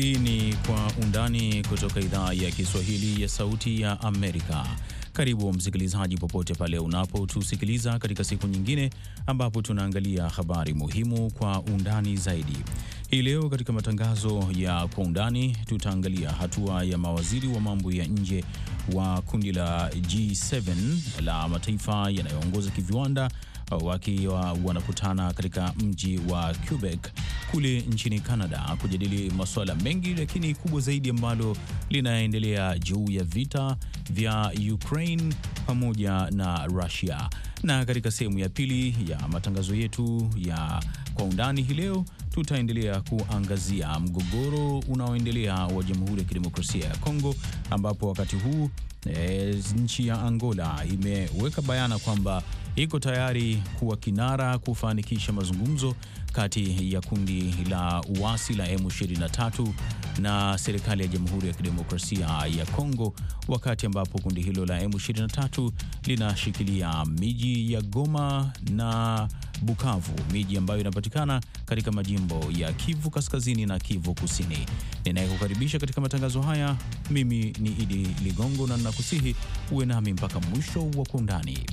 Hii ni Kwa Undani kutoka idhaa ya Kiswahili ya Sauti ya Amerika. Karibu msikilizaji, popote pale unapotusikiliza katika siku nyingine ambapo tunaangalia habari muhimu kwa undani zaidi. Hii leo katika matangazo ya Kwa Undani tutaangalia hatua ya mawaziri wa mambo ya nje wa kundi la G7 la mataifa yanayoongoza kiviwanda wakiwa wanakutana katika mji wa Quebec kule nchini Canada kujadili masuala mengi, lakini kubwa zaidi ambalo linaendelea juu ya vita vya Ukraine pamoja na Russia. Na katika sehemu ya pili ya matangazo yetu ya kwa undani hii leo tutaendelea kuangazia mgogoro unaoendelea wa Jamhuri ya Kidemokrasia ya Kongo, ambapo wakati huu e, nchi ya Angola imeweka bayana kwamba iko tayari kuwa kinara kufanikisha mazungumzo kati ya kundi la uasi la M23 na serikali ya Jamhuri ya Kidemokrasia ya Kongo, wakati ambapo kundi hilo la M23 linashikilia miji ya Goma na Bukavu, miji ambayo inapatikana katika majimbo ya Kivu Kaskazini na Kivu Kusini. Ninayekukaribisha katika matangazo haya mimi ni Idi Ligongo na ninakusihi uwe nami mpaka mwisho wa kuundani Undani.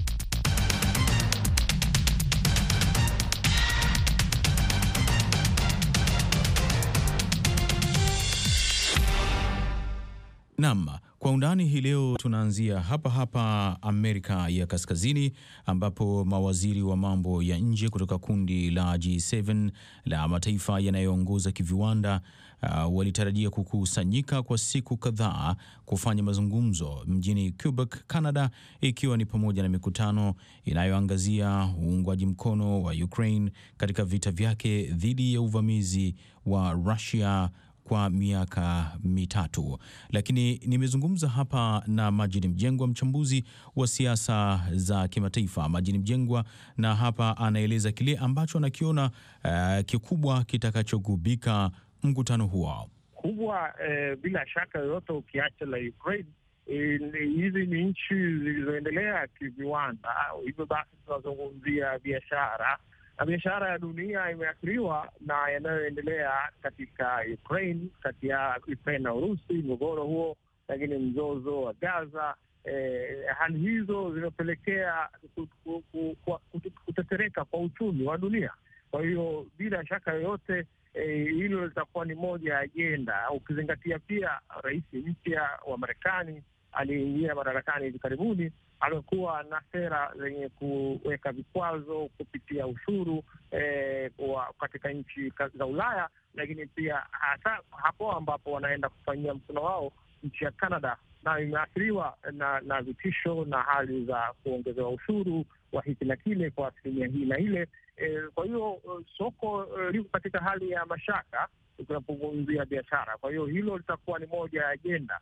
Naam, kwa undani hii leo tunaanzia hapa hapa Amerika ya Kaskazini, ambapo mawaziri wa mambo ya nje kutoka kundi la G7 la mataifa yanayoongoza kiviwanda uh, walitarajia kukusanyika kwa siku kadhaa kufanya mazungumzo mjini Quebec, Canada, ikiwa ni pamoja na mikutano inayoangazia uungwaji mkono wa Ukraine katika vita vyake dhidi ya uvamizi wa Russia kwa miaka mitatu. Lakini nimezungumza hapa na Majini Mjengwa, mchambuzi wa siasa za kimataifa. Majini Mjengwa na hapa anaeleza kile ambacho anakiona uh, kikubwa kitakachogubika mkutano huo kubwa. Eh, bila shaka yoyote ukiacha la Ukraine eh, hizi eh, ni nchi zilizoendelea kiviwanda, hivyo basi tunazungumzia biashara na biashara ya dunia imeathiriwa na yanayoendelea katika Ukraine, kati ya Ukraine na Urusi, mgogoro huo, lakini mzozo wa Gaza. Eh, hali hizo zimepelekea kutetereka kwa uchumi wa dunia. Kwa hiyo bila shaka yoyote e, hilo eh, litakuwa ni moja ya ajenda, ukizingatia pia rais mpya wa Marekani aliyeingia madarakani hivi karibuni amekuwa na sera zenye kuweka vikwazo kupitia ushuru eh, wa katika nchi za Ulaya, lakini pia hasa hapo ambapo wanaenda kufanyia mkono wao nchi ya Canada na imeathiriwa na na vitisho na hali za kuongezewa ushuru wa hiki na kile kwa asilimia hii na ile. E, kwa hiyo eh, soko eh, liko katika hali ya mashaka tunapozungumzia biashara. Kwa hiyo hilo litakuwa ni moja ya ajenda,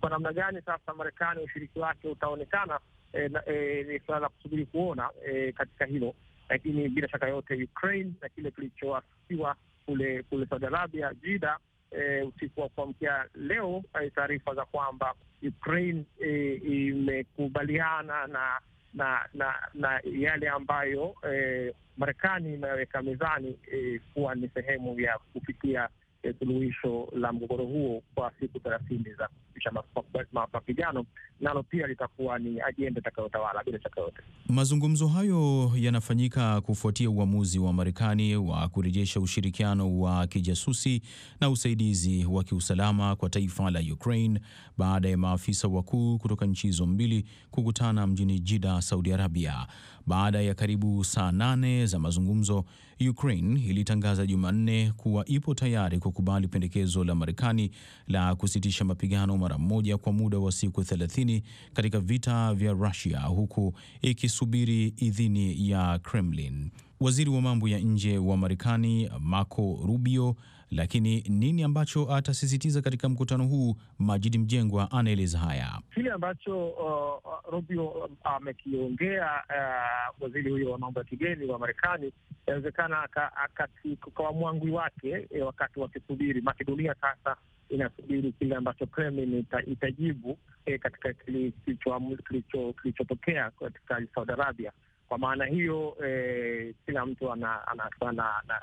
kwa namna gani sasa Marekani ushiriki wake utaonekana. Eh, eh, ni suala la kusubiri kuona e, katika hilo, lakini bila shaka yote Ukraine na kile kilichoafikiwa kule kule Saudi Arabia Jida e, usiku wa kuamkia leo, taarifa za kwamba Ukraine e, imekubaliana na na na na yale ambayo eh, Marekani imeweka mezani eh, kuwa ni sehemu ya kupitia Eh, suluhisho la mgogoro huo kwa siku thelathini za kusitisha mapigano, nalo pia litakuwa ni ajenda itakayotawala bila shaka yote. Mazungumzo hayo yanafanyika kufuatia uamuzi wa Marekani wa kurejesha ushirikiano wa kijasusi na usaidizi wa kiusalama kwa taifa la Ukraine baada ya maafisa wakuu kutoka nchi hizo mbili kukutana mjini Jida, Saudi Arabia, baada ya karibu saa nane za mazungumzo. Ukraine ilitangaza Jumanne kuwa ipo tayari kukubali pendekezo la Marekani la kusitisha mapigano mara moja kwa muda wa siku 30 katika vita vya Russia huku ikisubiri idhini ya Kremlin. Waziri wa mambo ya nje wa Marekani Marco Rubio lakini nini ambacho atasisitiza katika mkutano huu? Majidi Mjengwa anaeleza haya. Kile ambacho uh, uh Rubio uh, amekiongea uh, waziri huyo wa mambo ya kigeni wa Marekani, inawezekana kwa mwangwi wake e, wakati wakisubiri Makedonia sasa inasubiri kile ambacho Kremlin ita, itajibu e, katika kilichotokea katika Saudi Arabia. Kwa maana hiyo eh, kila mtu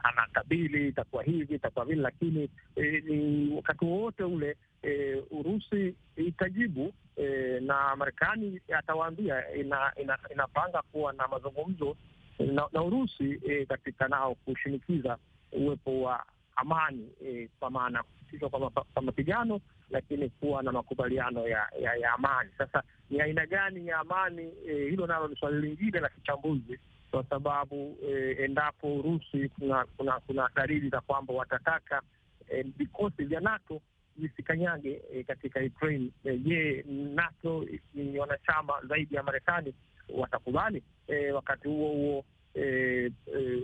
anakabili itakuwa hivi itakuwa vile, lakini eh, ni wakati wowote ule eh, Urusi itajibu eh, na Marekani atawaambia ina, ina, inapanga kuwa na mazungumzo na, na Urusi eh, katika nao kushinikiza uwepo wa amani eh, kwa maana kusitishwa kwa mapigano, lakini kuwa na makubaliano ya, ya, ya amani. Sasa ni aina gani ya amani eh, hilo nalo ni swali lingine la kichambuzi kwa sababu eh, endapo Urusi kuna kuna, kuna dalili za kwamba watataka e, vikosi eh, vya NATO visikanyage eh, katika Ukraine. E, je, NATO ni wanachama zaidi ya Marekani watakubali? eh, wakati huo huo eh, eh,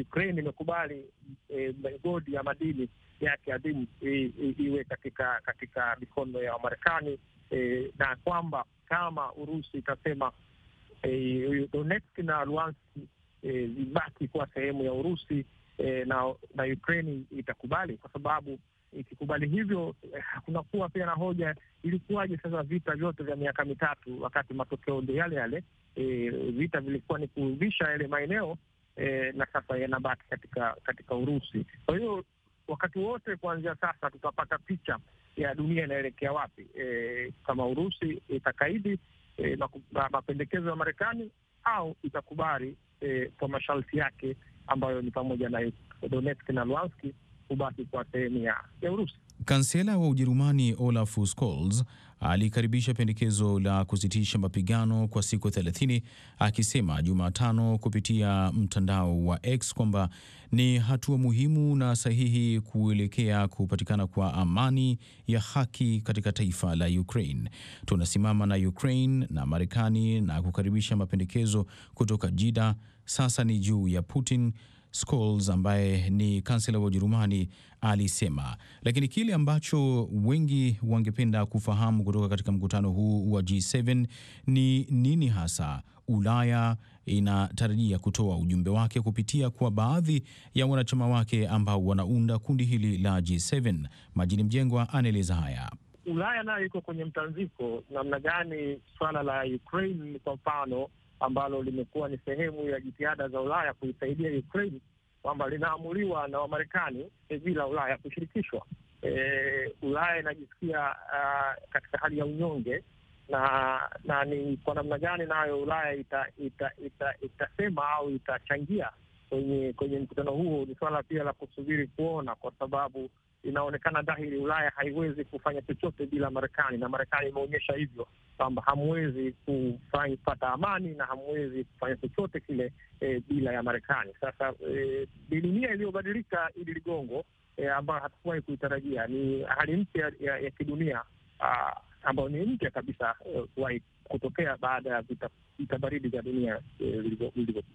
Ukraine imekubali eh, migodi ya madini yake adhimu iwe katika katika mikono ya Wamarekani e, na kwamba kama Urusi itasema e, Donetsk na Luhansk e, kuwa sehemu ya Urusi e, na na Ukraini itakubali, kwa sababu ikikubali hivyo e, kunakuwa pia na hoja, ilikuwaje sasa vita vyote vya miaka mitatu wakati matokeo ndio yale yale? E, vita vilikuwa ni kurudisha yale maeneo e, na sasa yanabaki katika katika Urusi. Kwa hiyo wakati wote kuanzia sasa tutapata picha ya dunia inaelekea wapi, e, kama Urusi itakaidi e, mapendekezo ya Marekani au itakubali e, kwa masharti yake ambayo ni pamoja na Donetsk na Luhansk kubaki kwa sehemu ya Urusi. Kansela wa Ujerumani Olaf Scholz alikaribisha pendekezo la kusitisha mapigano kwa siku 30 akisema Jumatano kupitia mtandao wa X kwamba ni hatua muhimu na sahihi kuelekea kupatikana kwa amani ya haki katika taifa la Ukraine. Tunasimama na Ukraine na Marekani na kukaribisha mapendekezo kutoka Jida. Sasa ni juu ya Putin Scholz ambaye ni kansela wa Ujerumani alisema. Lakini kile ambacho wengi wangependa kufahamu kutoka katika mkutano huu wa G7 ni nini hasa Ulaya inatarajia kutoa ujumbe wake kupitia kwa baadhi ya wanachama wake ambao wanaunda kundi hili la G7. Majini Mjengwa anaeleza haya. Ulaya nayo iko kwenye mtanziko, namna gani swala la Ukraine kwa mfano ambalo limekuwa ni sehemu ya jitihada za Ulaya kuisaidia Ukraine, kwamba linaamuliwa na Wamarekani eh, bila Ulaya kushirikishwa. E, Ulaya inajisikia uh, katika hali ya unyonge na na ni kwa namna gani nayo Ulaya itasema ita, ita, ita au itachangia kwenye kwenye mkutano huo, ni suala pia la kusubiri kuona, kwa sababu inaonekana dhahiri Ulaya haiwezi kufanya chochote bila Marekani, na Marekani imeonyesha hivyo kwamba hamwezi kupata amani na hamwezi kufanya chochote kile e, bila ya Marekani. Sasa e, dunia iliyobadilika, ili Ligongo, e, ambayo hatukuwahi kuitarajia. Ni hali mpya ya, ya kidunia ambayo ni mpya kabisa e, kuwahi kutokea baada ya vita, vita baridi vya dunia eh,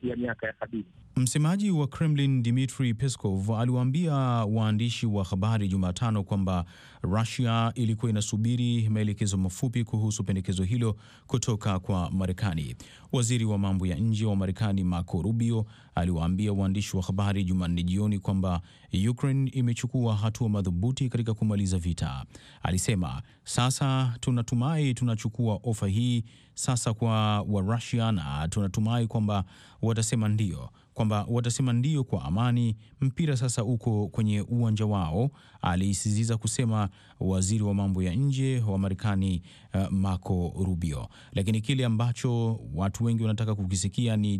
vya miaka ya sabini. Msemaji wa Kremlin dmitri Peskov aliwaambia waandishi wa habari Jumatano kwamba Rusia ilikuwa inasubiri maelekezo mafupi kuhusu pendekezo hilo kutoka kwa Marekani. Waziri wa mambo ya nje wa Marekani Marco Rubio aliwaambia waandishi wa habari Jumanne jioni kwamba Ukraine imechukua hatua madhubuti katika kumaliza vita. Alisema, sasa tunatumai tunachukua ofa hii sasa kwa Warusia na tunatumai kwamba watasema ndio kwamba watasema ndio kwa amani, mpira sasa uko kwenye uwanja wao, alisisitiza kusema waziri wa mambo ya nje wa Marekani uh, Marco Rubio. Lakini kile ambacho watu wengi wanataka kukisikia ni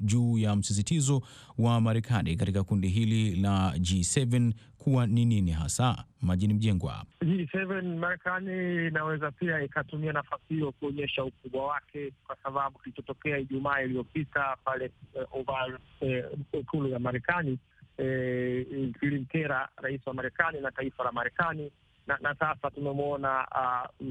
juu ya msisitizo wa Marekani katika kundi hili la G7 kuwa ni nini hasa. Majini Mjengwa, G7 Marekani inaweza pia ikatumia nafasi hiyo kuonyesha ukubwa wake, kwa sababu kilichotokea Ijumaa iliyopita pale uh, Oval Eh, ikulu ya Marekani eh, kilimkera rais wa Marekani na taifa la Marekani na, na sasa tumemwona uh,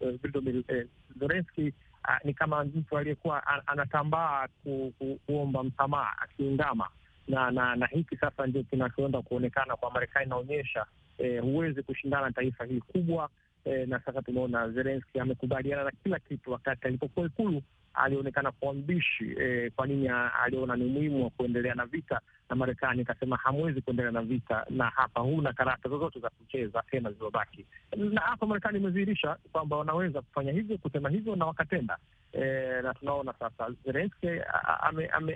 uh, Zelensky uh, uh, ni kama mtu aliyekuwa anatambaa ku, ku, kuomba msamaha akiungama na, na na hiki sasa ndio kinachoenda kuonekana kwa Marekani inaonyesha eh, huwezi kushindana na taifa hili kubwa e, na sasa tumeona Zelenski amekubaliana na kila kitu. Wakati alipokuwa Ikulu alionekana kwa mbishi e, kwa nini aliona ni umuhimu wa kuendelea na vita na Marekani akasema hamwezi kuendelea na vita na hapa, huna karata zozote za kucheza tena zilizobaki. Na hapa Marekani imedhihirisha kwamba wanaweza kufanya hivyo, kusema hivyo na wakatenda e, na tunaona sasa Zelenski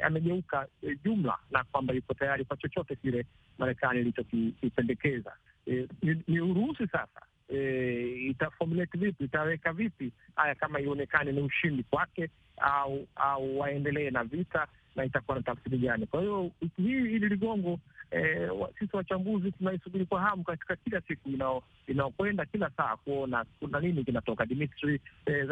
amegeuka ame, ame jumla na kwamba yuko tayari kwa chochote kile Marekani ilichokipendekeza. E, ni, ni uruhusi sasa e, itaformulate vipi, itaweka vipi haya kama ionekane ni ushindi kwake au au waendelee na vita na itakuwa na tafsiri gani? Kwa hiyo wiki hii ili ligongo e, wa, sisi wachambuzi tunaisubiri kwa hamu katika kila siku inaokwenda kila saa kuona kuna nini kinatoka. Dmitri e,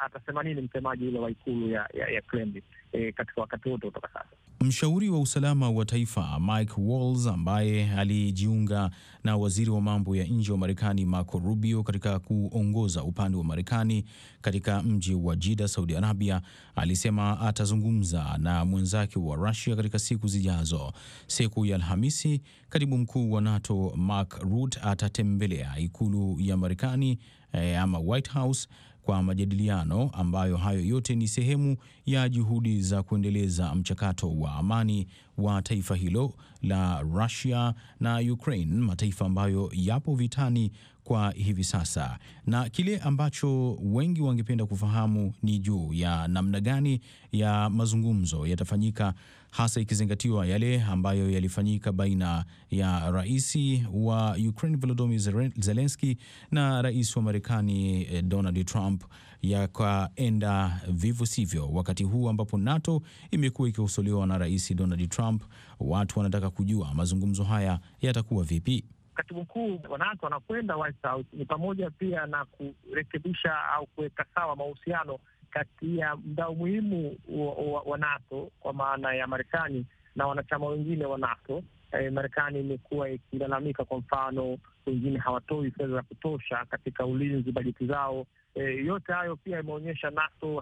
atasema nini msemaji ule wa ikulu ya, ya, ya Kremlin e, katika wakati wote kutoka sasa. Mshauri wa usalama wa taifa Mike Walls ambaye alijiunga na waziri wa mambo ya nje wa Marekani Marco Rubio katika kuongoza upande wa Marekani katika mji wa jida Saudi Arabia, alisema atazungumza na mwenzake wa rusia katika siku zijazo. Siku ya Alhamisi, katibu mkuu wa NATO Mark Rutte atatembelea ikulu ya Marekani eh, ama White House kwa majadiliano ambayo hayo yote ni sehemu ya juhudi za kuendeleza mchakato wa amani wa taifa hilo la Russia na Ukraine, mataifa ambayo yapo vitani kwa hivi sasa, na kile ambacho wengi wangependa kufahamu ni juu ya namna gani ya mazungumzo yatafanyika, hasa ikizingatiwa yale ambayo yalifanyika baina ya rais wa Ukraine Volodymyr Zelensky na rais wa Marekani eh, Donald Trump yakaenda vivyo sivyo, wakati huu ambapo NATO imekuwa ikikosolewa na Rais Donald Trump. Watu wanataka kujua mazungumzo haya yatakuwa vipi? katibu mkuu wanawake wanakwenda White House ni pamoja pia na kurekebisha au kuweka sawa mahusiano kati ya mdao muhimu wa, wa, wa NATO kwa maana ya Marekani na wanachama wengine wa NATO. E, Marekani imekuwa ikilalamika, kwa mfano wengine hawatoi fedha za kutosha katika ulinzi, bajeti zao. e, yote hayo pia imeonyesha NATO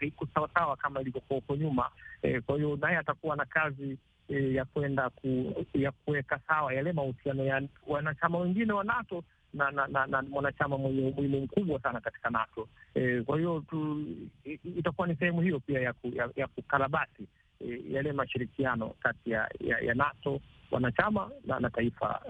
haiko sawasawa kama ilivyokuwa huko nyuma. E, kwa hiyo naye atakuwa na kazi e, ya kwenda ku, ya kuweka sawa yale mahusiano ya wanachama wengine wa NATO na na, na, na mwanachama mwenye umuhimu mkubwa sana katika NATO. E, kwa hiyo itakuwa ni sehemu hiyo pia ya, ku, ya, ya kukarabati e, yale mashirikiano kati ya, ya, ya NATO wanachama na, na taifa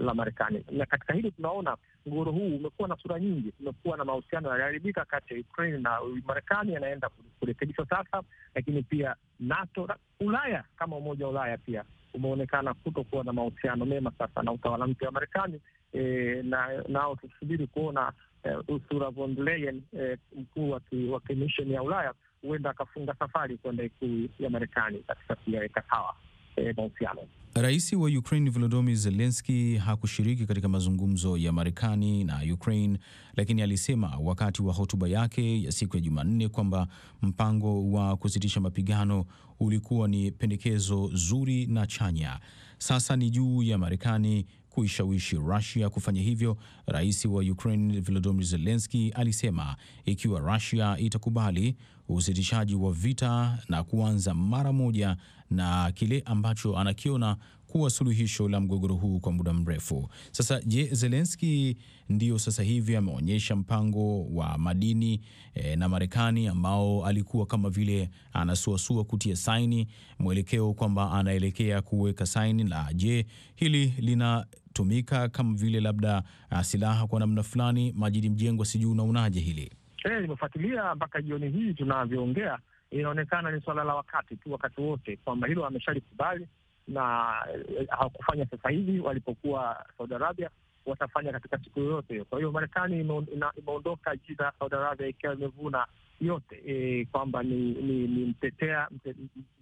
la Marekani, na katika hili tunaona mgogoro huu umekuwa na sura nyingi. Kumekuwa na mahusiano yaliharibika kati ya Ukraine na Marekani, yanaenda kurekebishwa sasa, lakini pia NATO Ulaya kama Umoja wa Ulaya pia umeonekana kutokuwa na mahusiano mema sasa na utawala mpya wa Marekani. E, na nao tusubiri kuona e, Ursula von der Leyen e, mkuu wa kimisheni ya Ulaya huenda akafunga safari kwenda ikulu ya Marekani katika kuyaweka sawa e, mahusiano. Rais wa Ukraine Volodymyr Zelensky hakushiriki katika mazungumzo ya Marekani na Ukraine, lakini alisema wakati wa hotuba yake ya siku ya Jumanne kwamba mpango wa kusitisha mapigano ulikuwa ni pendekezo zuri na chanya. Sasa ni juu ya Marekani kuishawishi Rusia kufanya hivyo, rais wa Ukraine Volodymyr Zelensky alisema ikiwa Rusia itakubali usitishaji wa vita na kuanza mara moja na kile ambacho anakiona kuwa suluhisho la mgogoro huu kwa muda mrefu. Sasa je, Zelensky ndiyo sasa hivi ameonyesha mpango wa madini e, na Marekani ambao alikuwa kama vile anasuasua kutia saini, mwelekeo kwamba anaelekea kuweka saini. Na je, hili lina kutumika kama vile labda uh, silaha kwa namna fulani. Majidi Mjengwa, sijui unaonaje hili? Eh, nimefuatilia mpaka jioni hii tunavyoongea, inaonekana ni suala la wakati tu, wakati wote kwamba hilo wameshalikubali na eh, hawakufanya sasa hivi, walipokuwa Saudi Arabia watafanya katika siku yoyote. Kwa hiyo Marekani imeondoka jida Saudi Arabia ikiwa imevuna yote e, kwamba ni, ni, ni mtetea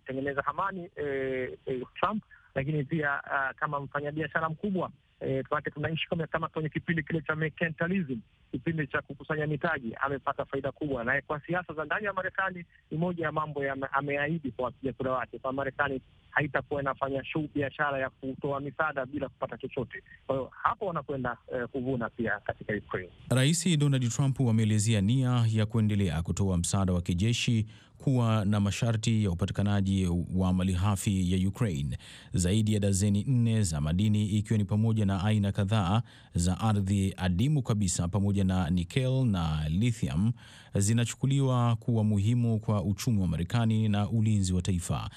mtengeneza amani e, eh, e, Trump lakini pia uh, kama mfanyabiashara mkubwa tunake tunaishi tunaishia kama kwenye kipindi kile cha mercantilism, kipindi cha kukusanya mitaji, amepata faida kubwa. naye kwa siasa za ndani ya Marekani ni moja ya mambo ameahidi kwa wapiga kura wake kwa Marekani haitakuwa inafanya shughuli biashara ya kutoa misaada bila kupata chochote. Kwa hiyo hapo wanakwenda eh, kuvuna pia katika Ukraine. Rais Donald Trump ameelezea nia ya kuendelea kutoa msaada wa kijeshi, kuwa na masharti ya upatikanaji wa hafi ya Ukraine, zaidi ya dazeni nne za madini ikiwa ni pamoja na na aina kadhaa za ardhi adimu kabisa pamoja na nikel na lithium zinachukuliwa kuwa muhimu kwa uchumi wa Marekani na ulinzi wa taifa.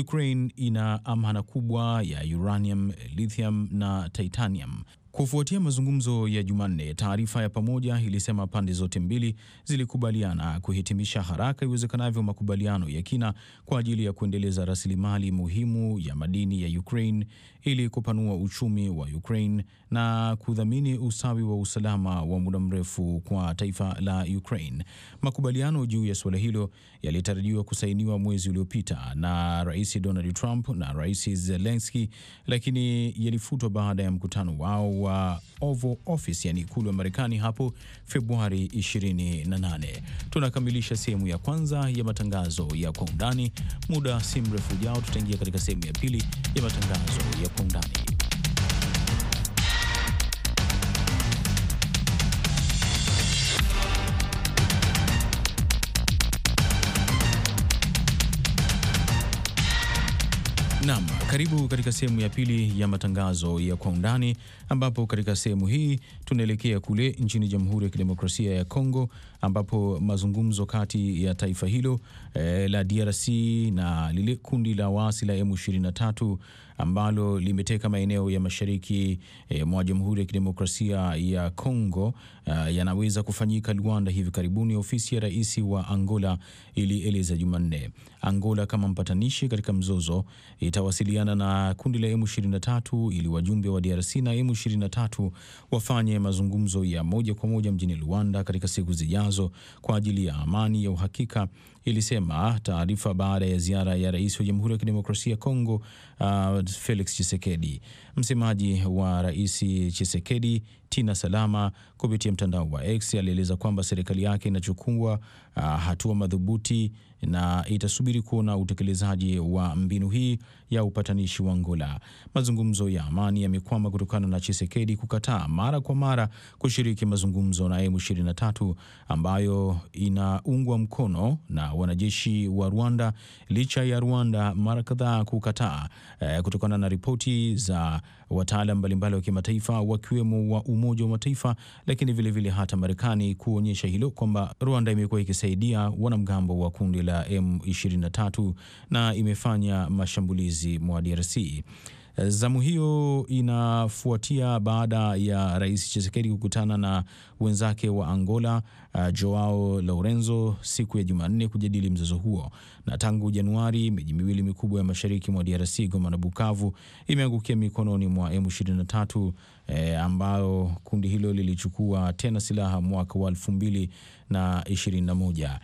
Ukraine ina amana kubwa ya uranium, lithium na titanium. Kufuatia mazungumzo ya Jumanne, taarifa ya pamoja ilisema pande zote mbili zilikubaliana kuhitimisha haraka iwezekanavyo makubaliano ya kina kwa ajili ya kuendeleza rasilimali muhimu ya madini ya Ukraine ili kupanua uchumi wa Ukraine na kudhamini usawi wa usalama wa muda mrefu kwa taifa la Ukraine. Makubaliano juu ya suala hilo yalitarajiwa kusainiwa mwezi uliopita na Rais Donald Trump na Rais Zelensky, lakini yalifutwa baada ya mkutano wao wa Oval Office, yani ikulu ya Marekani hapo Februari 28. Tunakamilisha sehemu ya kwanza ya matangazo ya kwa undani. Muda si mrefu ujao tutaingia katika sehemu ya pili ya matangazo ya kwa undani. Naam, karibu katika sehemu ya pili ya matangazo ya kwa undani ambapo katika sehemu hii tunaelekea kule nchini Jamhuri ya Kidemokrasia ya Kongo ambapo mazungumzo kati ya taifa hilo eh, la DRC na lile kundi la waasi la M23 ambalo limeteka maeneo ya mashariki e, mwa Jamhuri ya Kidemokrasia ya Kongo eh, yanaweza kufanyika Luanda hivi karibuni, ofisi ya rais wa Angola ilieleza Jumanne. Angola kama mpatanishi katika mzozo itawasiliana na kundi la M23 ili wajumbe wa DRC na M23 wafanye mazungumzo ya moja kwa moja mjini Luanda katika siku zijazo kwa ajili ya amani ya uhakika ilisema taarifa baada ya ziara ya rais wa Jamhuri ya Kidemokrasia ya Kongo uh, Felix Tshisekedi. Msemaji wa Rais Tshisekedi Tina Salama kupitia mtandao wa X alieleza kwamba serikali yake inachukua uh, hatua madhubuti na itasubiri kuona utekelezaji wa mbinu hii ya upatanishi wa Angola. Mazungumzo ya amani yamekwama kutokana na Chisekedi kukataa mara kwa mara kushiriki mazungumzo na M23 ambayo inaungwa mkono na wanajeshi wa Rwanda, licha ya Rwanda mara kadhaa kukataa eh, kutokana na ripoti za wataalam mbalimbali wa kimataifa wakiwemo wa Umoja wa Mataifa, lakini vilevile vile hata Marekani kuonyesha hilo kwamba Rwanda imekuwa ikisaidia wanamgambo wa kundi la la M23 na imefanya mashambulizi mwa DRC. Zamu hiyo inafuatia baada ya Rais Chisekedi kukutana na wenzake wa Angola, uh, Joao Lourenco siku ya Jumanne kujadili mzozo huo. Na tangu Januari, miji miwili mikubwa ya mashariki mwa DRC, Goma na Bukavu, imeangukia mikononi mwa M23, eh, ambayo kundi hilo lilichukua tena silaha mwaka wa 2021.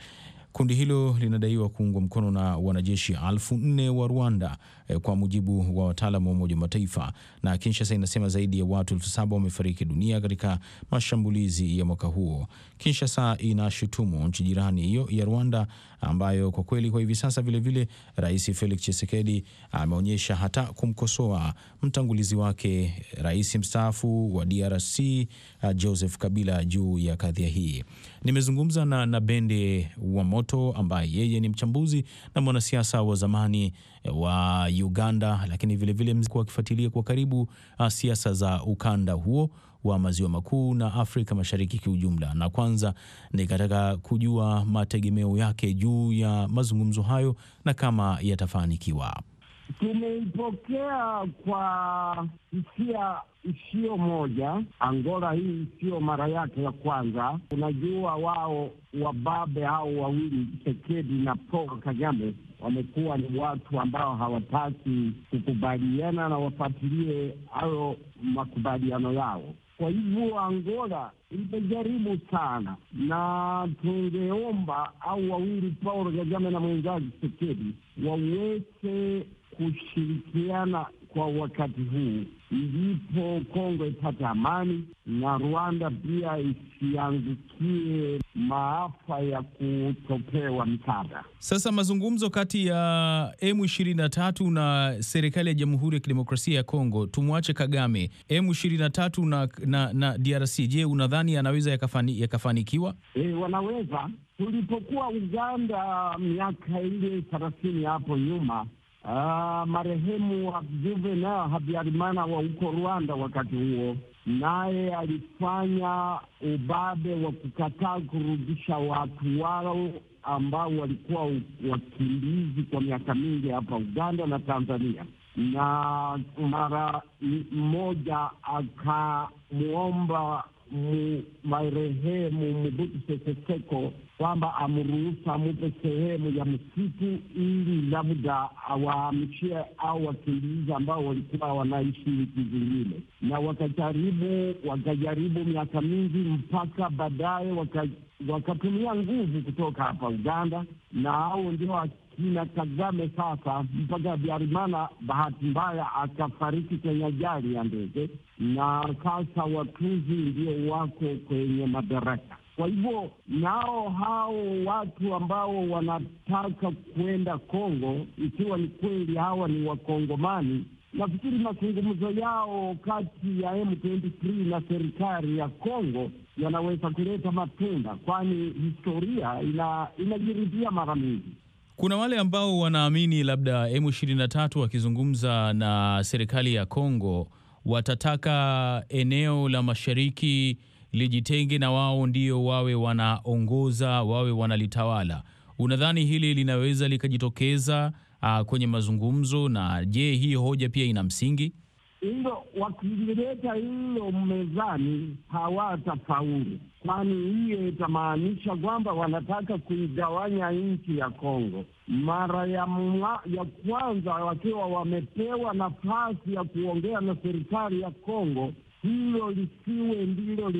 Kundi hilo linadaiwa kuungwa mkono na wanajeshi elfu nne wa Rwanda eh, kwa mujibu wa wataalam wa Umoja wa Mataifa. Na Kinshasa inasema zaidi ya watu elfu saba wamefariki dunia katika mashambulizi ya mwaka huo. Kinshasa inashutumu nchi jirani hiyo ya Rwanda, ambayo kwa kweli kwa hivi sasa vilevile vile, Rais Felix Tshisekedi ameonyesha hata kumkosoa mtangulizi wake rais mstaafu wa DRC eh, Joseph Kabila juu ya kadhia hii. Nimezungumza na, na Bende wa Moto ambaye yeye ni mchambuzi na mwanasiasa wa zamani eh, wa Uganda, lakini vilevile mzikuwa akifuatilia kwa karibu ah, siasa za ukanda huo wa maziwa makuu na Afrika Mashariki kiujumla. Na kwanza nikataka kujua mategemeo yake juu ya mazungumzo hayo na kama yatafanikiwa. Tumeipokea kwa hisia isiyo moja. Angola hii isiyo mara yake ya kwanza. Unajua, wao wababe hao wawili Tshisekedi na Paul Kagame wamekuwa ni watu ambao hawataki kukubaliana na wafuatilie hayo makubaliano yao. Kwa hivyo Angola imejaribu sana, na tungeomba au wawili Paul Kagame na mwenzake Tshisekedi waweze kushirikiana kwa wakati huu ndipo Kongo ipate amani na Rwanda pia isiangukie maafa ya kutopewa msaada. Sasa mazungumzo kati ya M23 na serikali ya Jamhuri ya Kidemokrasia ya Kongo, tumwache Kagame, M23 na, na, na DRC, je, unadhani yanaweza yakafani, yakafanikiwa? E, wanaweza. Tulipokuwa Uganda miaka ile thelathini hapo nyuma Ah, marehemu wa Juvenal Habyarimana wa huko Rwanda wakati huo, naye alifanya ubabe wa kukataa kurudisha watu wao ambao walikuwa wakimbizi kwa miaka mingi hapa Uganda na Tanzania, na mara mmoja akamwomba muwaelezee Mgutu Sekeseko kwamba amruhusu amupe sehemu ya msitu ili labda awahamishie au wakimbizi ambao walikuwa wanaishi nchi zingine, na wakajaribu wakajaribu miaka mingi mpaka baadaye wakatumia waka nguvu kutoka hapa Uganda, na hao ndio kagame sasa mpaka Biarimana bahati mbaya akafariki kwenye ajali ya ndege, na sasa watuzi ndio wako kwenye madaraka. Kwa hivyo nao hao watu ambao wanataka kwenda Kongo, ikiwa ni kweli hawa ni Wakongomani, nafikiri mazungumzo yao kati ya M23 na serikali ya Kongo yanaweza kuleta matunda, kwani historia inajirudia ina mara mingi. Kuna wale ambao wanaamini labda M23 wakizungumza na serikali ya Kongo watataka eneo la mashariki lijitenge na wao ndio wawe wanaongoza, wawe wanalitawala. Unadhani hili linaweza likajitokeza uh, kwenye mazungumzo na je, hii hoja pia ina msingi? hilo wakileta hilo mezani hawatafaulu, kwani hiyo itamaanisha kwamba wanataka kuigawanya nchi ya Kongo. Mara ya mwa, ya kwanza wakiwa wamepewa nafasi ya kuongea na serikali ya Kongo, hilo lisiwe ndilo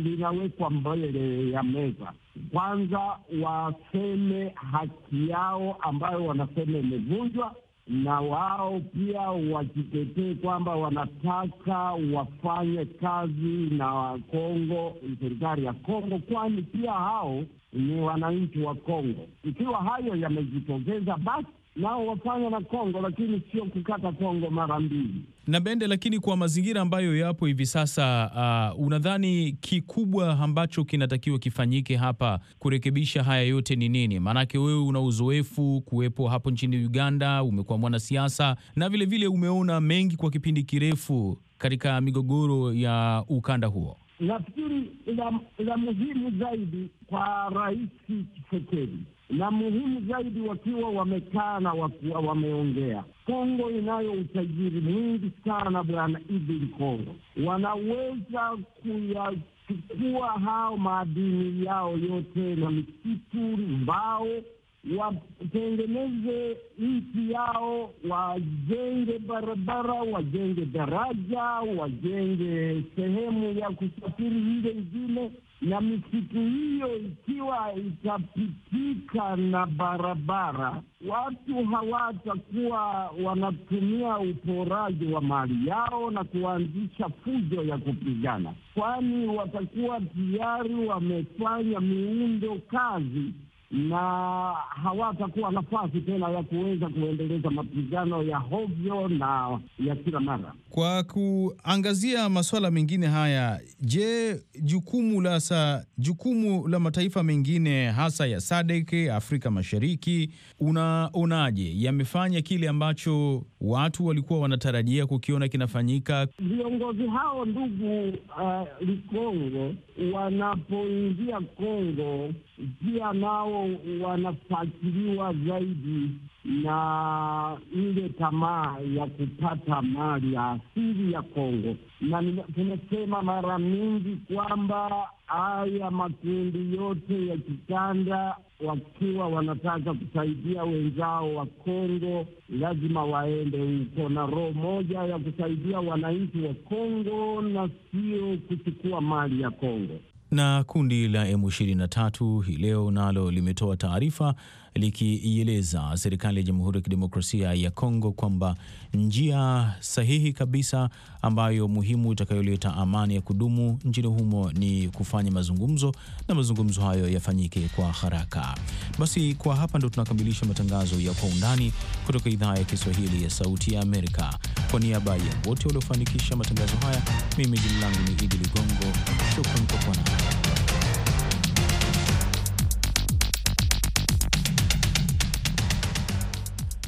linawekwa mbele ya meza. Kwanza waseme haki yao ambayo wanasema imevunjwa na wao pia wajitetee kwamba wanataka wafanye kazi na Kongo, serikali ya Kongo, kwani pia hao ni wananchi wa Kongo. Ikiwa hayo yamejitokeza, basi nao wafanya na Kongo, lakini sio kukata Kongo mara mbili na Bende. Lakini kwa mazingira ambayo yapo hivi sasa, uh, unadhani kikubwa ambacho kinatakiwa kifanyike hapa kurekebisha haya yote ni nini? Maanake wewe una uzoefu kuwepo hapo nchini Uganda, umekuwa mwanasiasa na vilevile vile umeona mengi kwa kipindi kirefu katika migogoro ya ukanda huo. Nafikiri la muhimu zaidi kwa Rais Tshisekedi na muhimu zaidi, wakiwa wamekaa na wakiwa wameongea. Kongo inayo utajiri mwingi sana, bwana Idi Kongo wanaweza kuyachukua hao madini yao yote na misitu, mbao watengeneze nchi yao, wajenge barabara, wajenge daraja, wajenge sehemu ya kusafiri ile ingine na misitu hiyo ikiwa itapitika na barabara, watu hawatakuwa wanatumia uporaji wa mali yao na kuanzisha fujo ya kupigana, kwani watakuwa tayari wamefanya miundo kazi na hawatakuwa nafasi tena ya kuweza kuendeleza mapigano ya hovyo na ya kila mara. Kwa kuangazia masuala mengine haya, je, jukumu la sa, jukumu la mataifa mengine hasa ya SADC Afrika Mashariki unaonaje yamefanya kile ambacho watu walikuwa wanatarajia kukiona kinafanyika. Viongozi hao ndugu uh, Likongo wanapoingia Kongo pia nao wanafatiliwa zaidi na ile tamaa ya kupata mali ya asili ya Kongo, na tumesema mara mingi kwamba haya makundi yote ya kikanda wakiwa wanataka kusaidia wenzao wa Kongo lazima waende huko na roho moja ya kusaidia wananchi wa Kongo na sio kuchukua mali ya Kongo. Na kundi la M23 hii leo nalo limetoa taarifa likiieleza serikali ya Jamhuri ya Kidemokrasia ya Kongo kwamba njia sahihi kabisa ambayo muhimu itakayoleta amani ya kudumu nchini humo ni kufanya mazungumzo na mazungumzo hayo yafanyike kwa haraka. Basi kwa hapa ndo tunakamilisha matangazo ya kwa undani kutoka idhaa ya Kiswahili ya Sauti ya Amerika. Kwa niaba ya wote waliofanikisha matangazo haya, mimi jina langu ni Idi Ligongo. Shukran kwa kuwa nami.